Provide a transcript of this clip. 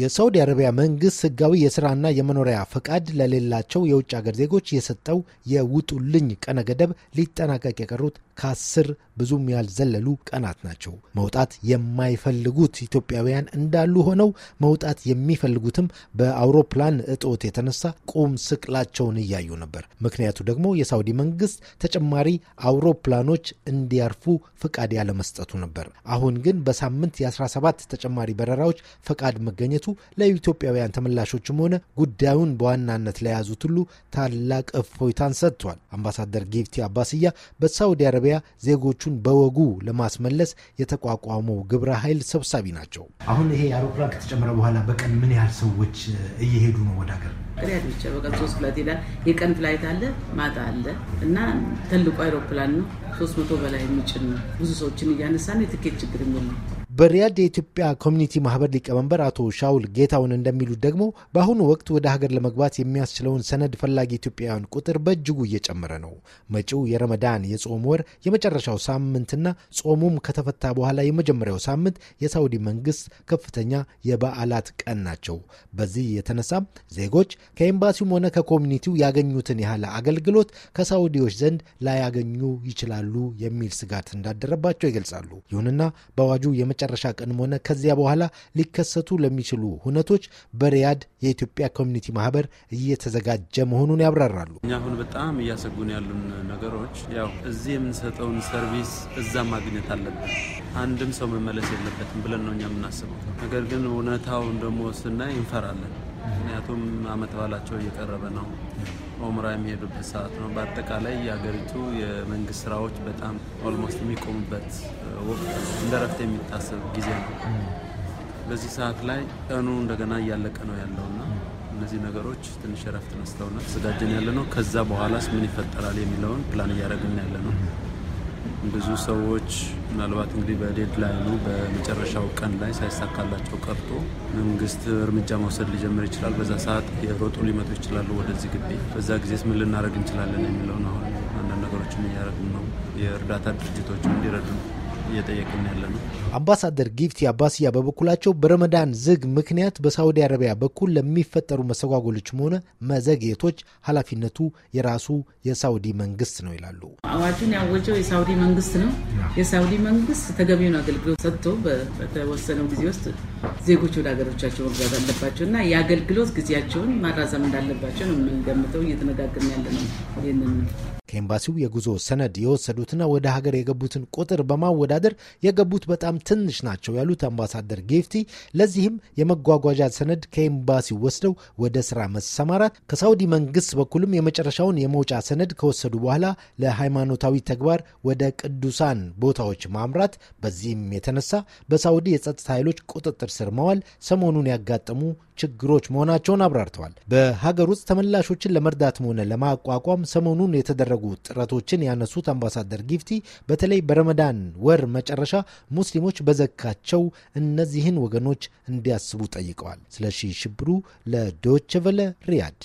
የሳውዲ አረቢያ መንግስት ህጋዊ የስራና የመኖሪያ ፈቃድ ለሌላቸው የውጭ ሀገር ዜጎች የሰጠው የውጡልኝ ቀነ ገደብ ሊጠናቀቅ የቀሩት ከአስር ብዙም ያልዘለሉ ቀናት ናቸው። መውጣት የማይፈልጉት ኢትዮጵያውያን እንዳሉ ሆነው መውጣት የሚፈልጉትም በአውሮፕላን እጦት የተነሳ ቁም ስቅላቸውን እያዩ ነበር። ምክንያቱ ደግሞ የሳውዲ መንግስት ተጨማሪ አውሮፕላኖች እንዲያርፉ ፍቃድ ያለመስጠቱ ነበር። አሁን ግን በሳምንት የ17 ተጨማሪ በረራዎች ፈቃድ መገኘት መገኘቱ ለኢትዮጵያውያን ተመላሾችም ሆነ ጉዳዩን በዋናነት ለያዙት ሁሉ ታላቅ እፎይታን ሰጥቷል። አምባሳደር ጊፍቲ አባስያ በሳውዲ አረቢያ ዜጎቹን በወጉ ለማስመለስ የተቋቋመው ግብረ ኃይል ሰብሳቢ ናቸው። አሁን ይሄ አውሮፕላን ከተጨመረ በኋላ በቀን ምን ያህል ሰዎች እየሄዱ ነው ወደ ሀገር? ብቻ በቀን ሶስት ፍላይት ይላል። የቀን ፍላይት አለ፣ ማታ አለ እና ትልቁ አይሮፕላን ነው። ሶስት መቶ በላይ የሚጭን ነው። ብዙ ሰዎችን እያነሳን የትኬት ችግር የለም። በሪያድ የኢትዮጵያ ኮሚኒቲ ማህበር ሊቀመንበር አቶ ሻውል ጌታውን እንደሚሉት ደግሞ በአሁኑ ወቅት ወደ ሀገር ለመግባት የሚያስችለውን ሰነድ ፈላጊ ኢትዮጵያውያን ቁጥር በእጅጉ እየጨመረ ነው። መጪው የረመዳን የጾም ወር የመጨረሻው ሳምንትና ጾሙም ከተፈታ በኋላ የመጀመሪያው ሳምንት የሳውዲ መንግስት ከፍተኛ የበዓላት ቀን ናቸው። በዚህ የተነሳም ዜጎች ከኤምባሲውም ሆነ ከኮሚኒቲው ያገኙትን ያህል አገልግሎት ከሳውዲዎች ዘንድ ላያገኙ ይችላሉ የሚል ስጋት እንዳደረባቸው ይገልጻሉ። ይሁንና በአዋጁ የመጨረ መጨረሻ ቀንም ሆነ ከዚያ በኋላ ሊከሰቱ ለሚችሉ ሁነቶች በሪያድ የኢትዮጵያ ኮሚኒቲ ማህበር እየተዘጋጀ መሆኑን ያብራራሉ። እኛ አሁን በጣም እያሰጉን ያሉን ነገሮች ያው እዚህ የምንሰጠውን ሰርቪስ እዛ ማግኘት አለብን፣ አንድም ሰው መመለስ የለበትም ብለን ነው እኛ የምናስበው። ነገር ግን እውነታውን ደግሞ ስናይ እንፈራለን። ምክንያቱም አመት በዓላቸው እየቀረበ ነው። ኦምራ የሚሄዱበት ሰዓት ነው። በአጠቃላይ የሀገሪቱ የመንግስት ስራዎች በጣም ኦልሞስት የሚቆሙበት ወቅት እንደ ረፍት የሚታሰብ ጊዜ ነው። በዚህ ሰዓት ላይ ቀኑ እንደገና እያለቀ ነው ያለውና እነዚህ ነገሮች ትንሽ ረፍት ነስተውና ተዘጋጀን ያለ ነው። ከዛ በኋላስ ምን ይፈጠራል የሚለውን ፕላን እያደረግን ያለ ነው። ብዙ ሰዎች ምናልባት እንግዲህ በዴድላይኑ በመጨረሻው ቀን ላይ ሳይሳካላቸው ቀርቶ መንግስት እርምጃ መውሰድ ሊጀምር ይችላል። በዛ ሰዓት የሮጡ ሊመጡ ይችላሉ ወደዚህ ግቢ። በዛ ጊዜስ ምን ልናደርግ እንችላለን የሚለውን አሁን አንዳንድ ነገሮችን እያደረግን ነው። የእርዳታ ድርጅቶችም እንዲረዱ ነው። እየጠየቅን ያለ ነው። አምባሳደር ጊፍቲ አባስያ በበኩላቸው በረመዳን ዝግ ምክንያት በሳዑዲ አረቢያ በኩል ለሚፈጠሩ መስተጓጎሎችም ሆነ መዘግየቶች ኃላፊነቱ የራሱ የሳዑዲ መንግስት ነው ይላሉ። አዋጁን ያወጀው የሳዑዲ መንግስት ነው። የሳዑዲ መንግስት ተገቢውን አገልግሎት ሰጥቶ በተወሰነው ጊዜ ውስጥ ዜጎች ወደ ሀገሮቻቸው መግዛት አለባቸው እና የአገልግሎት ጊዜያቸውን ማራዘም እንዳለባቸው ነው የምንገምተው። እየተነጋገርን ያለ ነው ይህንን ከኤምባሲው የጉዞ ሰነድ የወሰዱትና ወደ ሀገር የገቡትን ቁጥር በማወዳደር የገቡት በጣም ትንሽ ናቸው ያሉት አምባሳደር ጌፍቲ ለዚህም የመጓጓዣ ሰነድ ከኤምባሲው ወስደው ወደ ስራ መሰማራት፣ ከሳውዲ መንግስት በኩልም የመጨረሻውን የመውጫ ሰነድ ከወሰዱ በኋላ ለሃይማኖታዊ ተግባር ወደ ቅዱሳን ቦታዎች ማምራት፣ በዚህም የተነሳ በሳውዲ የጸጥታ ኃይሎች ቁጥጥር ስር መዋል ሰሞኑን ያጋጠሙ ችግሮች መሆናቸውን አብራርተዋል። በሀገር ውስጥ ተመላሾችን ለመርዳትም ሆነ ለማቋቋም ሰሞኑን የተደረጉ የተደረጉ ጥረቶችን ያነሱት አምባሳደር ጊፍቲ በተለይ በረመዳን ወር መጨረሻ ሙስሊሞች በዘካቸው እነዚህን ወገኖች እንዲያስቡ ጠይቀዋል። ስለሺ ሽብሩ ለዶችቨለ ሪያድ